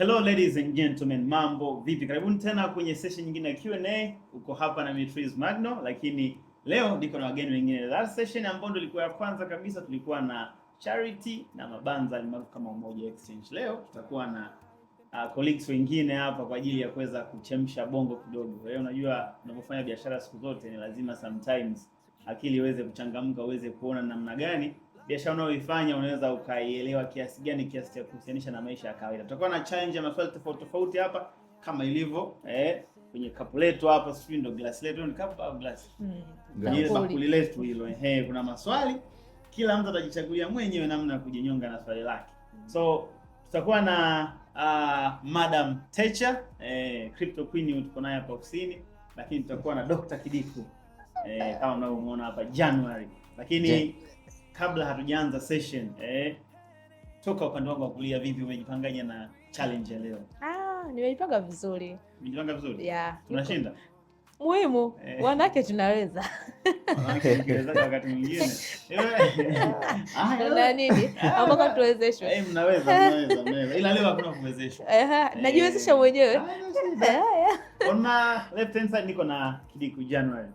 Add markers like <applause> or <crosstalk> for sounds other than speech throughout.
Hello ladies and gentlemen, mambo vipi? Karibuni tena kwenye session nyingine ya Q&A. Uko hapa na Mitris Magno, lakini leo niko na wageni wengine. Last session ambayo ilikuwa ya kwanza kabisa tulikuwa na Charity na Mabanza almaarufu kama Umoja Exchange. Leo tutakuwa na uh, colleagues wengine hapa kwa ajili ya kuweza kuchemsha bongo kidogo. Kwa hiyo unajua unapofanya biashara siku zote ni lazima sometimes akili iweze kuchangamka, uweze kuona namna gani biashara unayoifanya unaweza ukaielewa kiasi gani, kiasi cha kuhusianisha na maisha ya kawaida. Tutakuwa na challenge ya maswali tofauti tofauti hapa kama ilivyo eh, kwenye kapu letu hapa, sijui ndo glasi letu ni kapu au glasi hmm, ile bakuli letu hilo. eh, kuna maswali kila mtu atajichagulia mwenyewe namna ya kujinyonga na swali lake. So tutakuwa na uh, Madam Techa eh, Crypto Queen tuko naye hapa ofisini, lakini tutakuwa na Dr. Kidiku eh, kama mnavyomuona hapa January, lakini yeah kabla hatujaanza session eh, toka upande wangu wa kulia, vipi, umejipanganya na challenge ya leo? Ah, nimejipanga vizuri. Umejipanga vizuri? Yeah. Tunashinda? Muhimu, eh. Wanawake tunaweza. wakati mwingine. <laughs> Na nini? Ambako tuwezeshwe. Eh, mnaweza, mnaweza, mnaweza. Ila leo hakuna kuwezeshwa. Eh, najiwezesha mwenyewe. Ah, On my left hand side niko na Kidiku January.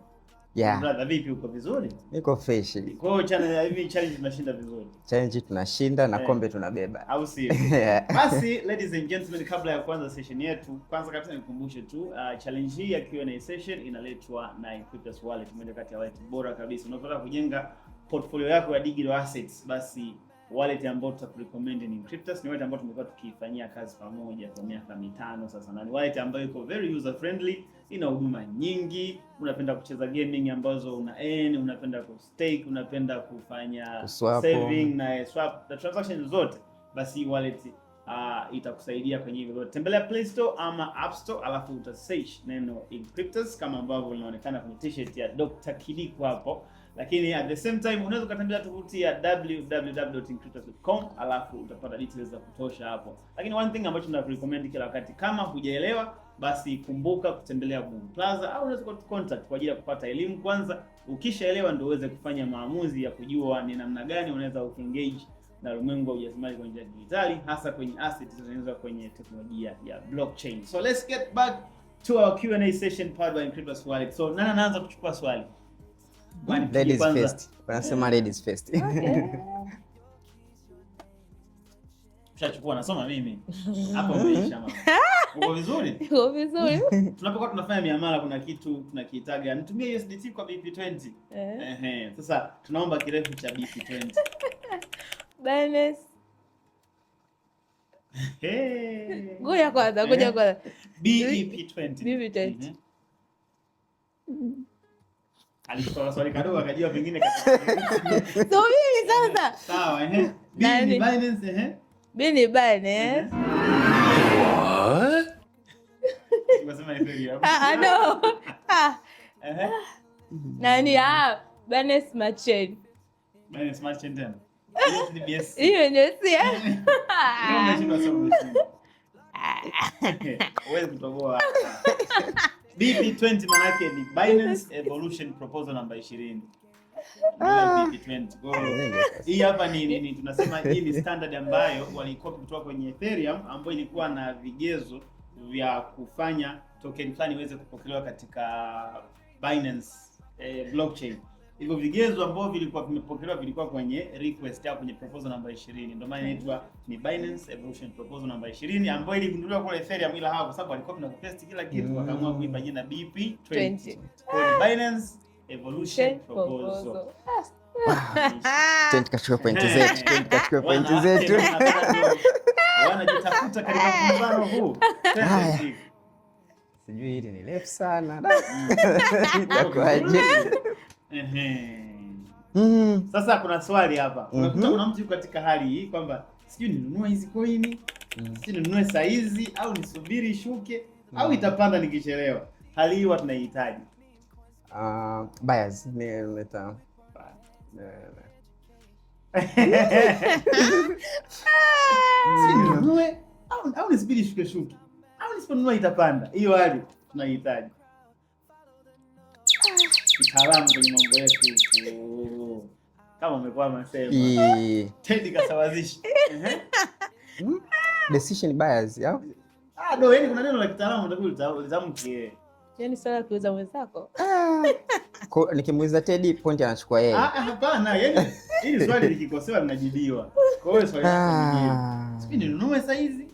Yeah. Brother, vipi uko vizuri? Niko fresh. Kwa hiyo challenge hivi challenge tunashinda vizuri. Challenge tunashinda na yeah, kombe tunabeba. Au si? Yeah. <laughs> Basi ladies and gentlemen, kabla ya kuanza session yetu, kwanza kabisa nikukumbushe tu uh, challenge hii ya Q&A session inaletwa na Equitas Wallet, moja kati ya wallet bora kabisa. Unapotaka kujenga portfolio yako ya digital assets, basi wallet ambao tutakurecommend ni Cryptus, ni wallet ambao tumekuwa tukifanyia kazi pamoja kwa miaka mitano sasa, na ni wallet ambayo iko very user friendly, ina huduma nyingi. Unapenda kucheza gaming ambazo una earn, unapenda ku stake, unapenda kufanya Kuswapo, saving na swap the transactions zote, basi wallet uh, itakusaidia kwenye hivyo. Tembelea Play Store ama App Store, alafu uta search neno Cryptus kama ambavyo linaonekana kwenye t-shirt ya Dr. Kidiko hapo lakini at the same time unaweza ukatembelea tovuti ya www.inkryptus.com alafu utapata details za kutosha hapo. Lakini one thing ambacho tunakurecommend kila wakati, kama hujaelewa, basi kumbuka kutembelea Google Plaza au unaweza kutucontact kwa ajili ya kupata elimu kwanza. Ukishaelewa ndio uweze kufanya maamuzi ya kujua ni namna gani unaweza ukengage na ulimwengu wa ujasiriamali kwa njia ya digitali, hasa kwenye assets zinazotengenezwa kwenye teknolojia ya blockchain. So let's get back to our Q&A session powered by Inkryptus Wallet. So nani anaanza kuchukua swali? Ladies first. Wanasema ladies first. Okay. <laughs> nasoma mimi. Hapo umeisha hmm? Uko vizuri? <laughs> Uko vizuri. Tunapokuwa tunafanya miamala kuna kitu tunakihitaga. Nitumie USDT kwa BP20. Eh. Ehe. Sasa tunaomba kirefu cha BP20. <laughs> Balance. Ngoja kwanza, ngoja eh. kwanza. BP20. BP20. Alikuwa swali kadogo akajua pengine subiri <laughs> sasa. Sawa eh. Bin Binance eh. Bin Binance. Ah, ah, no. Ah. Nani <laughs> Hiyo ni eh? <laughs> BP20 manake ni Binance <laughs> Evolution Proposal namba ah. 20. Ah, hii hapa ni nini? Tunasema hii ni standard ambayo walikopi kutoka kwenye Ethereum ambayo ilikuwa na vigezo vya kufanya token fulani iweze kupokelewa katika Binance eh, blockchain hivyo vigezo ambavyo vilikuwa vimepokelewa vilikuwa kwenye request au kwenye proposal namba 20, ndio maana inaitwa ni Binance Evolution proposal namba 20 ambayo iligunduliwa kule Ethereum, ila hapo sababu alikuwa test kila kitu mm. akaamua kuipa jina BP20. Kwa Binance Evolution proposal <laughs> tukachukua pointi zetu, tukachukua pointi zetu, <laughs> wanajitafuta katika mfano huu. <laughs> Sijui hili ni refu sana, mm. itakuwaje? Mm. Sasa kuna swali hapa. Mm -hmm. Unakuta kuna mtu katika hali hii kwamba sijui ninunue hizi koini, mm. sijui ninunue saizi au nisubiri ishuke mm. au itapanda nikichelewa. Hali hii watu tunahitaji. Ah, ni leta. <laughs> ninunue au au nisubiri ishuke shuke. Au nisiponunua itapanda. Hiyo hali tunahitaji kitaalamu kwenye mambo yetu kama umekuwa <laughs> Tendi kasawazisha hmm? ah. decision bias au ah, do yani kuna neno la kitaalamu ndio litamke yani swala kuuza mwenzako ah. nikimuuliza Teddy point anachukua yeye. Ah, ah hapana, yani hili <laughs> swali likikosewa linajibiwa. Kwa hiyo swali linajibiwa. Sipi ninunue saizi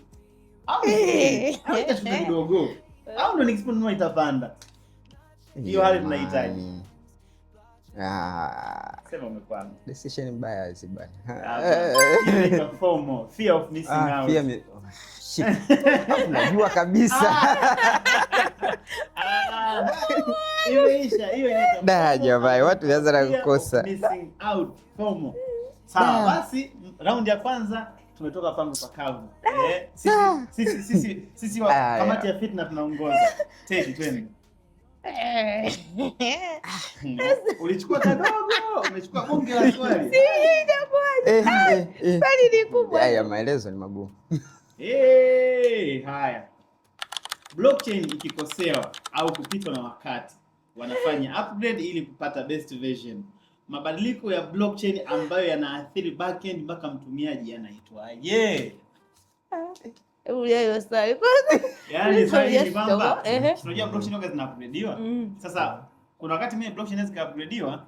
au <laughs> au kidogo au ndo nikisiponunua itapanda hiyo hali tunahitaji. Decision ah, ah. Ah, oh, kabisa. jamani, watu na kukosa. Sawa, basi raundi ya kwanza tumetoka pango pa eh? sisi kamati ya fitna tunaongoza. twende. Eh. Ah, eh, ah, eh, haya maelezo ni magumu. haya. Blockchain ikikosewa au kupitwa na wakati, wanafanya upgrade ili kupata best version. Mabadiliko ya blockchain ambayo yanaathiri backend mpaka mtumiaji yanaitwaje? Ah, Mm. Unajua blockchain hizo zinaupgradiwa. Mm. Sasa kuna wakati mimi blockchain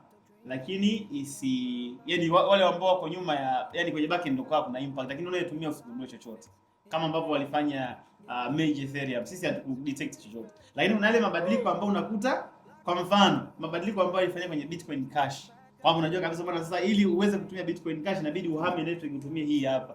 lakini isi yani wale ambao wako nyuma ya yani kwenye backend ndio kuna impact, lakini wale tumia chochote, kama ambavyo walifanya uh, Ethereum, sisi hatukudetect chochote, lakini mabadiliko ambayo unakuta, kwa mfano mabadiliko ambayo ilifanyika kwenye Bitcoin Cash, unajua kabisa bwana, sasa ili uweze kutumia Bitcoin Cash inabidi uhame network utumie hii hapa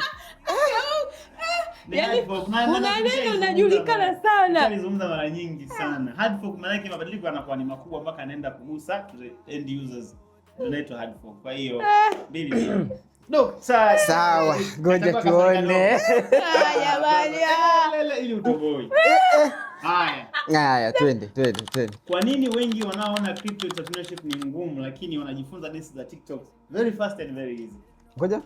Yani kuna neno sana. mara nyingi ah. sana. Hard fork mabadiliko yanakuwa ni makubwa mpaka anaenda kugusa end users. Inaitwa hard fork. Kwa hiyo mbili eh. mbili. <clears throat> sawa. <laughs> Ngoja tuone. Haya, twende, twende, twende. Kwa nini wengi wanaona crypto entrepreneurship ni ngumu lakini wanajifunza dance za TikTok very fast and very easy? Ngoja.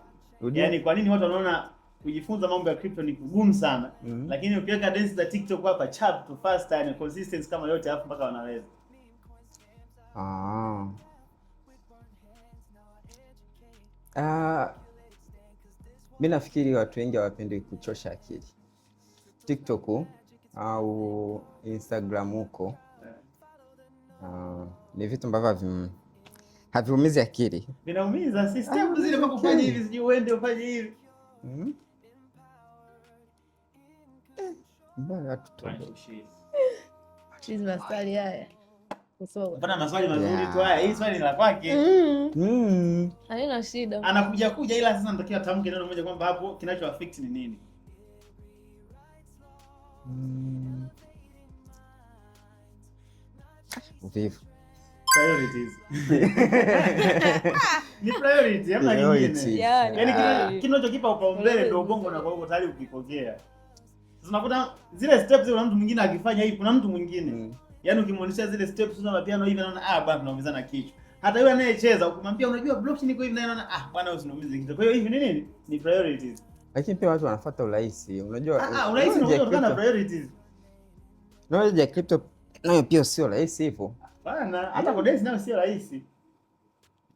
Yaani kwa nini watu wanaona kujifunza mambo ya crypto ni kugumu sana mm -hmm. Lakini ukiweka dance za TikTok hapa chap tu fast and consistency kama yote alafu mpaka wanaweza. Ah. Ah. Mimi nafikiri watu wengi hawapendi kuchosha akili TikTok au Instagram huko Uh, ni vitu ambavyo haviumizi akili, vinaumiza system ah, zile, pakufanya hivi sijui uende ufanye hivi mhm. Mbona maswali haya Mbona maswali mazuri tu haya. Hii swali ni la kwake. Mm-hmm. Mm. Haina shida. Anakuja kuja ila sasa natakiwa tamke neno moja kwamba hapo kinacho affect ni nini? Mm. Uvivu. Priorities. <laughs> Ni priority, hamna nyingine. Yaani, yaani kinachokipa upaumbele ndio ubongo na kwa hiyo tayari ukipokea unakuta zile steps kuna mtu mwingine akifanya hivi, kuna mtu mwingine mm. Yaani ukimwonyesha zile steps za mapiano hivi, anaona ah, bwana na kichwa. Hata yule anayecheza ukimwambia, unajua blockchain iko hivi, anaona ah, bwana wewe unaumiza kichwa. Kwa hiyo hivi ni nini? Ni priorities. Lakini pia watu wanafuata urahisi, unajua ah, ah, urahisi ndio unatokana na priorities. Knowledge ya crypto nayo pia sio rahisi hivyo. Bwana hata codex nayo sio rahisi.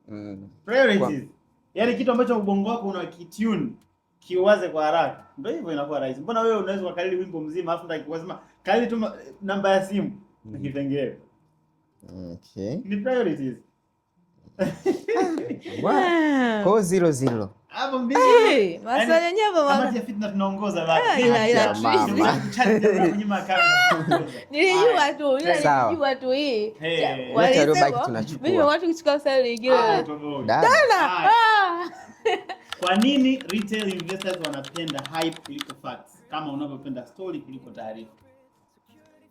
Mm. Priorities. Yaani kitu ambacho ubongo wako unakitune kiwaze kwa haraka, ndio hivyo inakuwa rahisi. Mbona wewe unaweza ukakalili wimbo mzima afu ndio ukasema kalili tu namba ya simu mm. na kipengele okay, ni priorities <laughs> kwa zero zero hey, maswali yaani, yenyewe nilijua tu, nilijua tu hii watu <laughs> Kwa nini retail investors wanapenda hype kuliko facts, kama unavyopenda story kuliko taarifa?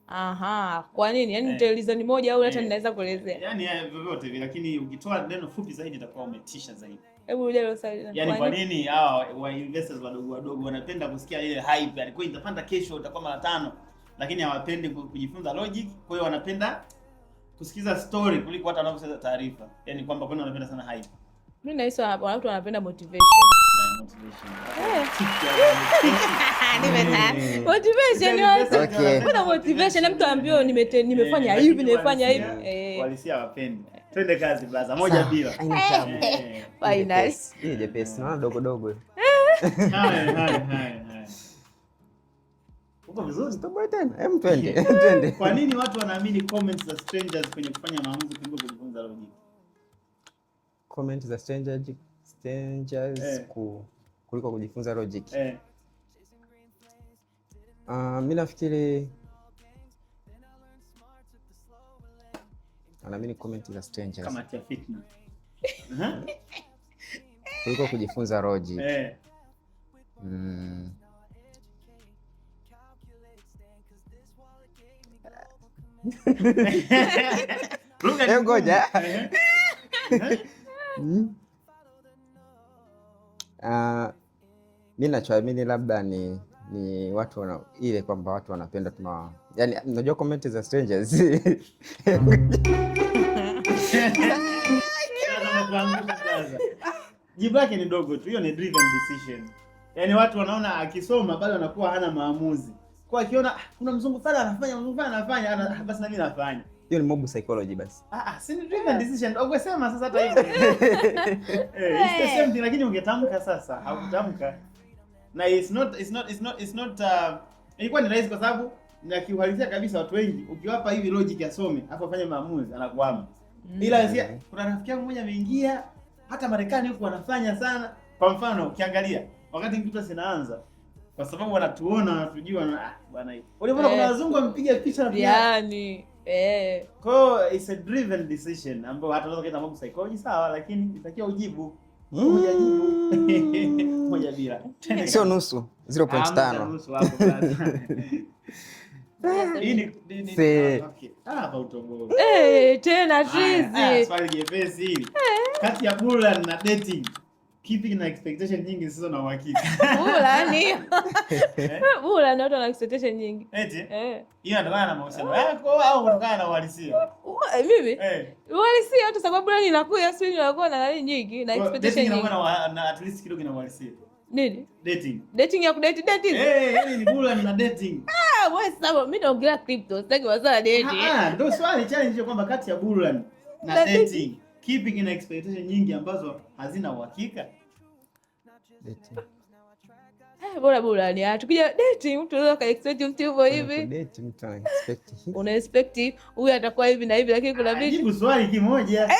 Aha, kwa nini? Yaani utaeleza eh. ni moja au hata eh. ninaweza kuelezea. Yaani vyovyote vile lakini ukitoa neno fupi zaidi itakuwa umetisha zaidi. Hebu uje leo sasa. Yaani kwa nini hao wa investors wadogo wadogo wanapenda kusikia ile hype, alikuwa itapanda kesho itakuwa mara tano, lakini hawapendi kujifunza logic, kwa hiyo wanapenda kusikiza story kuliko hata wanavyosikiza taarifa. Yaani kwamba kwani wanapenda sana hype. Mimi nahisi watu wanapenda motivation. Motivation eh. mtu <laughs> ambio nimefanya hivi nimefanya hivi. Eh. Walisia wapendi. Twende kazi blaza, moja bila. Finals. Ile jepesi na dogo dogo. Eh. Hai hai hai. Uko vizuri? Tupo tena. Hem, twende. Twende. Kwa nini watu wanaamini comments za strangers kwenye kufanya maamuzi kuliko kujifunza logic? comment za strangers, strangers eh, ku, kuliko kujifunza logic eh. Uh, mi nafikiri anaamini comment za strangers kama tia fitna <laughs> kuliko kujifunza logic eh. Mm. <laughs> ngoja eh. Hmm? Ah, mi nachoamini labda ni ni watu wana, ile kwamba watu wanapenda tuna yani, unajua comment za strangers <laughs> jibu yake ni dogo tu, hiyo ni driven decision. Yani watu wanaona akisoma bado anakuwa hana maamuzi, kwa akiona ah, kuna mzungu fulani anafanya mzungu fulani anafanya basi mimi nafanya hiyo ni mob psychology basi. Ah, ah si ni driven eh. decision. Ungesema sasa hata eh. hivi. <laughs> Eh, it's the eh. same thing lakini ungetamka sasa, hautamka. Na it's not it's not it's not it's not uh, ilikuwa ni rahisi kwa sababu na kiuhalisia kabisa watu wengi ukiwapa hivi logic asome, afu afanye maamuzi anakuama. Mm. Ila sasa kuna rafiki yangu mmoja ameingia hata Marekani huko wanafanya sana. Kwa mfano ukiangalia wakati mtoto sinaanza kwa sababu wanatuona wanatujua, na ah, bwana hiyo. Uliona kuna wazungu wamepiga picha na yani Eh. it's a driven decision ambayo hata unaweza kaita mambo psychology sawa, lakini inatakiwa ujibu. Mm. <laughs> Moja bila. <laughs> Sio nusu, 0.5. Ah, <laughs> ah, eh, tena eh. Kati ya Bulan na dating kipi kina expectation nyingi sizo na uhakika. Bula ni bula ndio ana expectation nyingi. Eti? Eh. Hiyo inatokana na mahusiano yako au kutokana na uhalisia? Eh, mimi? Eh. Uhalisia tu sababu bula yaani ninakuwa yaani sio ninakuwa na nani nyingi na expectation nyingi. na at least kidogo na uhalisia. Nini? Dating. Dating ya kudate dating. Eh, eh yani ni bula na dating. Ah, wewe sababu mimi naongelea crypto, sitaki wazaa dating. Ah, ah, ndio swali challenge hiyo kwamba kati ya bula na dating. Kipi kina expectation nyingi ambazo hazina uhakika? dating. Eh, bora Tukija dating mtu anaweza kaexpect mtu hivyo hivi. mtu ana expect <laughs> Una expect Huyu atakuwa hivi na hivi lakini kuna vitu. Ah, jibu swali kimoja. <laughs>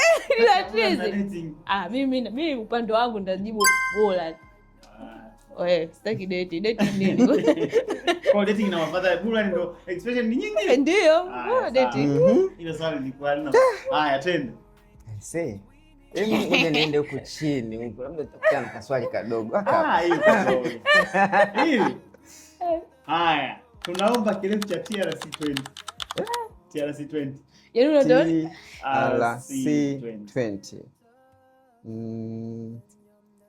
Eh, ni Ah, mimi mimi upande wangu ndajibu bora. Ah. Eh, sitaki date. Date ni nini? Kwa <laughs> oh, dating mafadha ndio ni nyingi. Eh, ndio. Ah, dating. Mhm. Ile swali Haya, tena. Hebu <laughs> ngoja niende huku chini huku, labda tutakutana na kaswali kadogo. Ah, <laughs> Haya, tunaomba kirefu cha TRC20. TRC20. Yaani mm.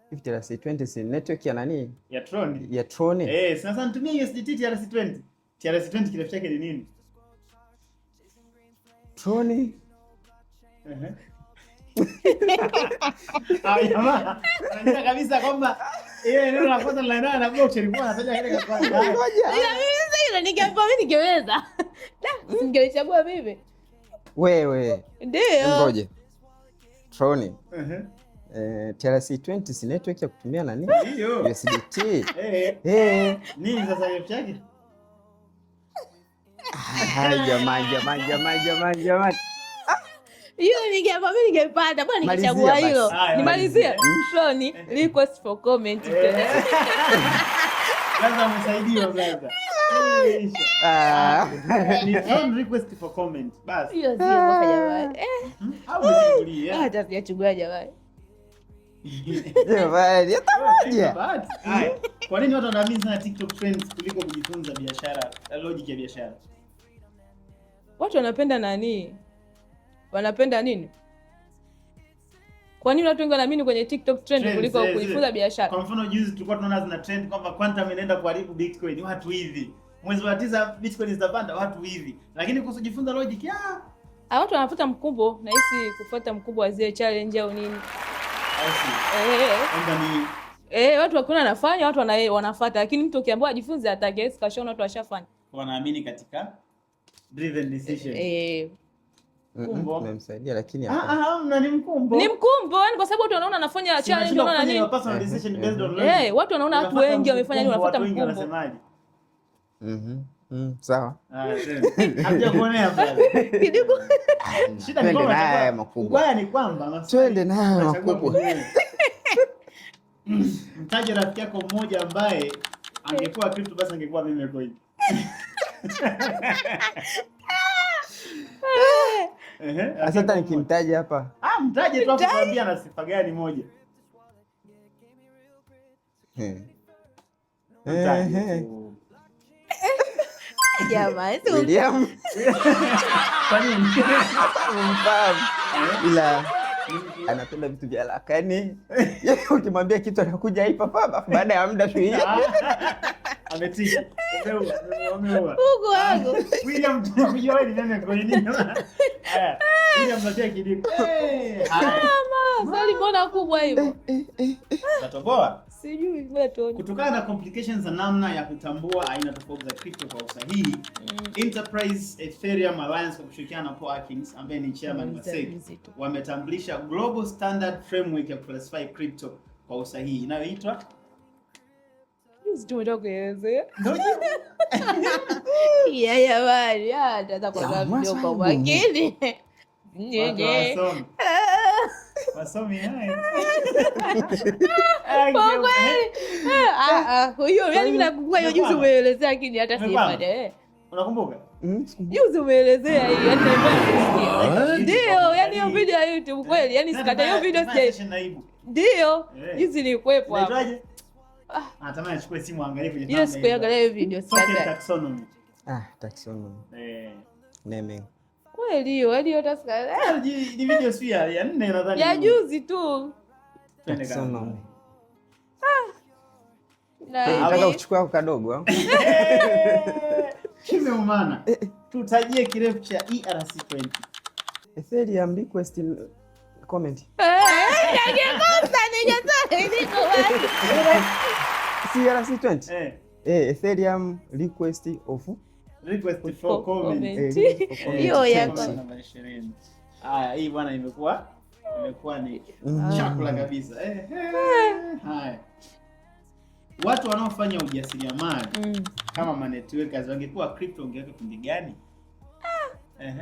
Hivi TRC20 si network ya nani? Ya Tron. Ya Tron. Eh, sasa nitumie USDT TRC20. TRC20 kirefu chake ni nini? Tron. Eh. Ah, jamaa anajua ningeambiwa mimi ningeweza. ningechagua mimi. Wewe. Ndio. Ngoje. Troni. Eh. TRC20 si network ya kutumia nani? Ndio. USDT. Eh, eh. Eh. Nini sasa hiyo chake? Jamani, jamani, jamani, jamani, jamani hiyo ni mimi ningepata bwana, ningechagua hilo. Nimalizie mshoni request for comment. Eh. <laughs> Lazima msaidie ah. brother. Ah. Eh. Hmm? Ah, Hatachagua <laughs> jamani. Kwa nini watu wanaamini sana TikTok trends kuliko kujifunza biashara, logic ya biashara? Watu wanapenda nani? wanapenda nini? Kwa nini watu wengi wanaamini kwenye TikTok trend kuliko kujifunza biashara? Kwa mfano juzi tulikuwa tunaona zina trend kwamba quantum inaenda kuharibu Bitcoin, watu hivi. Mwezi wa tisa Bitcoin zitapanda, watu hivi. Lakini kuhusu kujifunza logic, ah, ah, watu wanafuata mkumbo, nahisi kufuata mkubwa wa zile challenge au nini. Eh, eh. Eh, watu hakuna anafanya, watu wana, wanafuata lakini mtu ukiambiwa ajifunze atake, kashona watu washafanya. Wanaamini katika driven decision. Eh, eh mkumbo. Mmemsaidia lakini ah, hapana. Ah ah, na ni mkumbo. Ni mkumbo, yani kwa sababu watu wanaona anafanya challenge, wanaona nini? Personal mm-hmm, decision based mm-hmm. on learning. Eh, watu wanaona watu wengi wamefanya nini, wanafuata mkumbo. Wanasemaje? Mhm. Mm, sawa. Ah, haja <laughs> mm-hmm. makubwa. Ni kwamba twende naye makubwa. <laughs> Mm, mtaje rafiki yako mmoja ambaye eh. angekuwa crypto basi angekuwa meme coin. <laughs> Sasa hata nikimtaja hapa, ah, mtaje tu akwambia na sifa gani moja. Jamani, William. Kwani mfahamu ila anapenda vitu vya haraka yani, yaani ukimwambia kitu anakuja hapa papa, baada ya muda shuhia ah, ametisha swali ah, mbona kubwa hivyo, eh, eh, eh, natoboa Sijui Kutokana na complications za namna ya kutambua aina tofauti za crypto kwa usahihi, mm. Enterprise Ethereum Alliance kwa kushirikiana na Paul Atkins ambaye ni chairman mm, wa SEC wametambulisha Global Standard Framework ya classify crypto kwa usahihi inayoitwa <laughs> <laughs> Passou minha eh? <laughs> mãe. Ah, kwa kweli. ah, ah yani mimi nakumbuka hiyo juzi umeelezea hata eh. Unakumbuka? Mm, juzi umeelezea hii Ndio, yani yaani hiyo video ya YouTube eh, kweli, yani sikata hiyo video sijai. Ndio, juzi nilikuwepo hapo. Ah. ah, natamani nichukue simu angalie kwenye Ile siku ya angalia hiyo video sikata. Ah, taxonomy. Eh. Naming. Elio, Elio hata sika. Ni video si ya nne nadhani. Ya juzi tu. Ah, eh, nataka kuchukua yako kadogo <laughs> eh, Kimeumana. Eh, Tutajie kirefu cha ERC20. Etheli ambikwe still comment. ERC20. Eh, Ethereum <laughs> request of hiyo eh, hii bwana imekuwa imekuwa ni mm. chakula kabisa. Eh, eh, ah. Haya, watu wanaofanya ujasiriamali mm. kama manetworkers wangekuwa crypto, ungeweka kundi gani? Ah.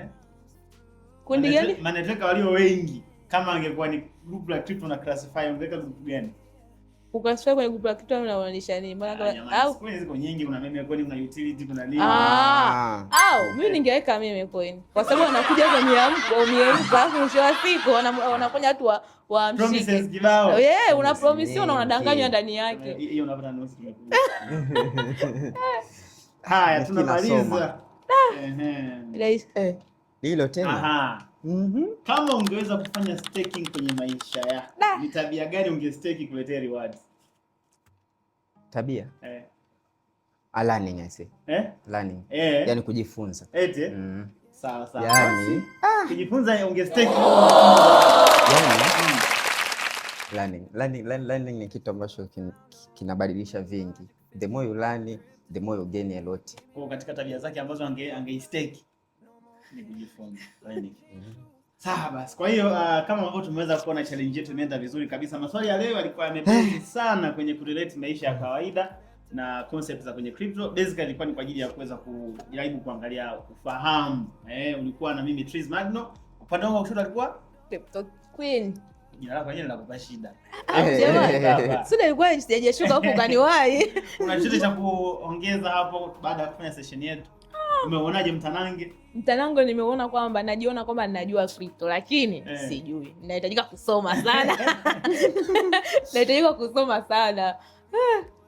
Kundi gani? walio wengi kama angekuwa ni group la crypto na classify, ungeweka group gani? ukasikia kwenye grupu la kitu unamaanisha nini? Au mimi ningeweka meme coin kwa sababu wanakuja kwa miamko miamko, alafu mwisho wa siku wanafanya watu wa oh, una promise na unadanganywa ndani yake. Eh, <laughs> Haya, tunamaliza ah. eh, hilo tena Mm -hmm. Kama ungeweza kufanya staking kwenye maisha yako, ni tabia gani ungestake kuletea rewards? Tabia? Eh. A learning I say. Eh? Learning. Eh. Yani kujifunza. Eti? Mm. Sawa sawa. Ah. kujifunza ungestake. Mm. learning. Learning, learning ni kitu ambacho kinabadilisha vingi. The more you learn, the more you gain a lot. Kwa katika tabia zake ambazo ange angeistake ni Sawa basi. Kwa hiyo uh, kama ambavyo tumeweza kuona challenge yetu imeenda vizuri kabisa. Maswali ya leo yalikuwa yamepesi eh. sana kwenye kurelate maisha ya kawaida na concept za kwenye crypto. Basically ilikuwa ni kwa ajili ya kuweza kujaribu kuangalia kufahamu. Eh, ulikuwa na mimi Tris Magno. Upande wangu wa kushoto alikuwa Crypto Queen. Jina lako yenyewe linakupa shida. Ah, eh, eh, Sasa ilikuwa sijashuka huko kaniwahi. Kuna chochote cha kuongeza hapo baada ya kufanya session yetu? Umeonaje mtanange? Mtanange nimeona kwamba najiona kwamba najua kripto lakini eh, sijui, nahitajika kusoma sana <laughs> nahitajika kusoma sana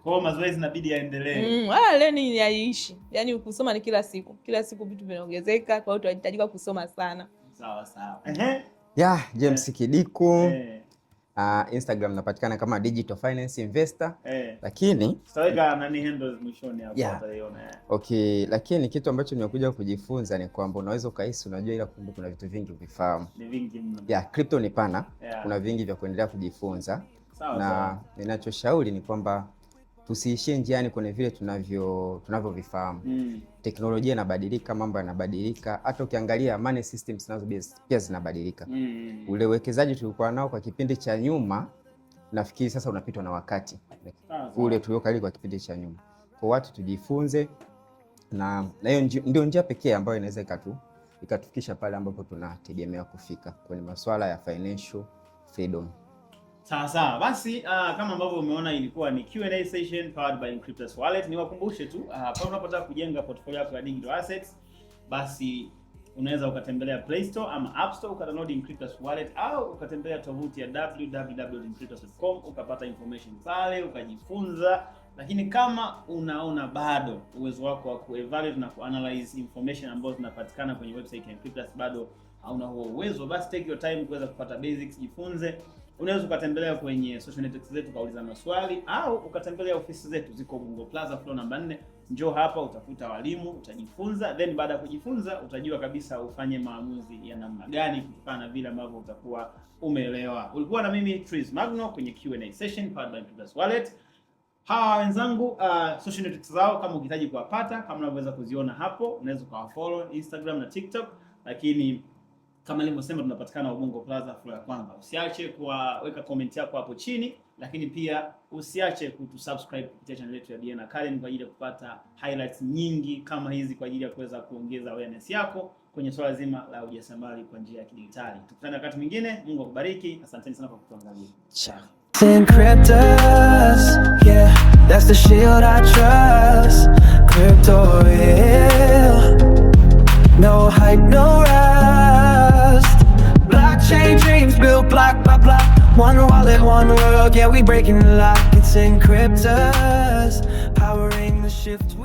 kwao, mazoezi inabidi yaendelee. Mm, leni yaishi, yaani kusoma ni kila siku, kila siku vitu vinaongezeka, kwa hiyo tunahitajika kusoma sana. Sawa sawa, ya James eh. Kidiku eh. Uh, Instagram napatikana kama Digital Finance Investor. Hey. Eh. Lakini tutaweka nani handles mwishoni hapo yeah. utaiona. Yeah. Okay, lakini kitu ambacho nimekuja kujifunza ni kwamba unaweza ukahisi unajua, ila kumbe kuna vitu vingi ukifahamu. Ni vingi mno. Yeah, crypto ni pana. Yeah. Kuna vingi vya kuendelea kujifunza. Sawa, na ninachoshauri ni kwamba tusiishie njiani kwenye vile tunavyo tunavyovifahamu. mm. Teknolojia inabadilika, mambo yanabadilika, hata ukiangalia money systems nazo pia zinabadilika. Mm, mm. Ule uwekezaji tulikuwa nao kwa kipindi cha nyuma, nafikiri sasa unapitwa na wakati ah, ule tuliokali kwa kipindi cha nyuma. Kwa watu tujifunze, na hiyo ndio njia pekee ambayo inaweza ikatu ikatufikisha pale ambapo tunategemea kufika kwenye masuala ya financial freedom. Sasa basi, uh, kama ambavyo umeona ilikuwa ni Q&A session powered by Encryptus Wallet. Niwakumbushe tu uh, pale unapotaka kujenga portfolio yako ya digital assets, basi unaweza ukatembelea Play Store ama App Store ukadownload Encryptus Wallet au ukatembelea tovuti ya www.encryptus.com ukapata information pale ukajifunza. Lakini kama unaona bado uwezo wako wa kuevaluate na kuanalyze information ambazo zinapatikana kwenye website ya Encryptus bado hauna huo uwezo, basi take your time kuweza kupata basics, jifunze Unaweza ukatembelea kwenye social networks zetu kauliza maswali au ukatembelea ofisi zetu ziko Bungo Plaza floor namba 4. Njoo hapa utafuta walimu, utajifunza, then baada ya kujifunza utajua kabisa ufanye maamuzi ya namna gani kutokana na vile ambavyo utakuwa umeelewa. Ulikuwa na mimi Tris Magno kwenye Q&A session powered by Plus Wallet. Hawa wenzangu uh, social networks zao kama ukihitaji kuwapata, kama unavyoweza kuziona hapo, unaweza ukawafollow Instagram na TikTok, lakini kama nilivyosema, tunapatikana Ubongo Plaza floor ya kwanza. Usiache kuweka comment yako hapo chini, lakini pia usiache kutusubscribe kupitia channel yetu ya Diena Karen kwa ajili ya kupata highlights nyingi kama hizi kwa ajili ya kuweza kuongeza awareness yako kwenye swala zima la ujasiriamali kwa njia ya kidigitali Tukutane wakati mwingine. Mungu akubariki. Asanteni sana kwa kutuangalia. Ciao. No hype, no chain dreams built block by block. One wallet, one world, yeah, we breaking the lock. It's in cryptos, powering the shift.